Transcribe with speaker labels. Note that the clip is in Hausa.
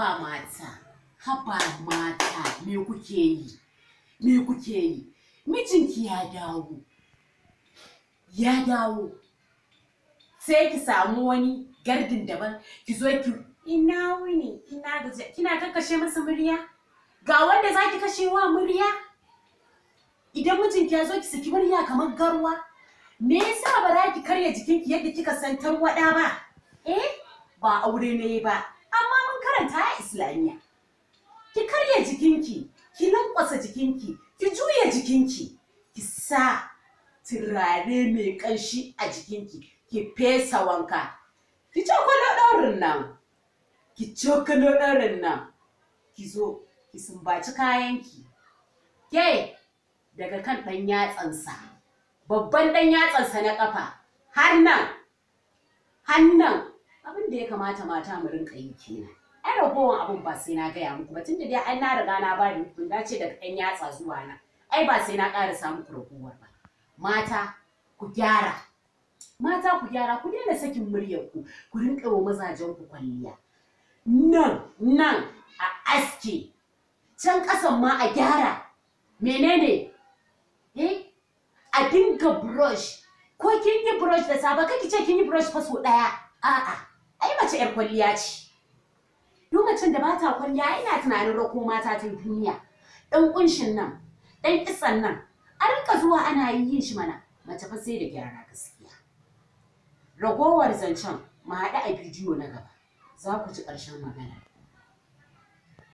Speaker 1: haba mata haba mata me kuke yi me kuke yi mijinki ya dawo ya dawo sai ki samu wani gardin daban ki zo ki ina wuni ina gaje kina kakkashe masa murya ga wanda zaki kashe wa murya idan mijinki ya zo ki saki murya kamar garwa me yasa ba za ki karya jikinki yadda kika san tarwada ba eh ba aure ne ba Islamiya. ki karya jikinki ki lankwasa jikinki ki juya jikinki ki sa turare mai ƙanshi a jikinki ki fesa wanka ki cokalo ɗaurin nan ki cokalo ɗaurin nan ki zo ki sumbaci kayanki ke daga kan ɗan yatsansa babban ɗan yatsansa na ƙafa har hannan. har abin da ya kamata mata mu rinka yi kenan ragowar abun ba sai na gaya muku ba tunda dai an na riga na ba da muku na ce daga ɗan yatsa zuwa na ai ba sai na kara samu ku ragowar ba mata ku gyara mata ku gyara ku daina sakin muryar ku ku rinƙa wa mazajen ku kwalliya nan nan a aski can ƙasan ma a gyara menene eh a dinga brush ko kin yi brush da safe kake ce kin yi brush fa so daya a'a ai mace yar kwalliya ce macen da ba ta kwalliya ina tunanin rako mata ta duniya dan kunshin nan ɗan kisan nan an rinka zuwa ana yin shi mana mace fa sai da gyara gaskiya ragowar zancen mu haɗu a bidiyo na gaba za ku ji ƙarshen magana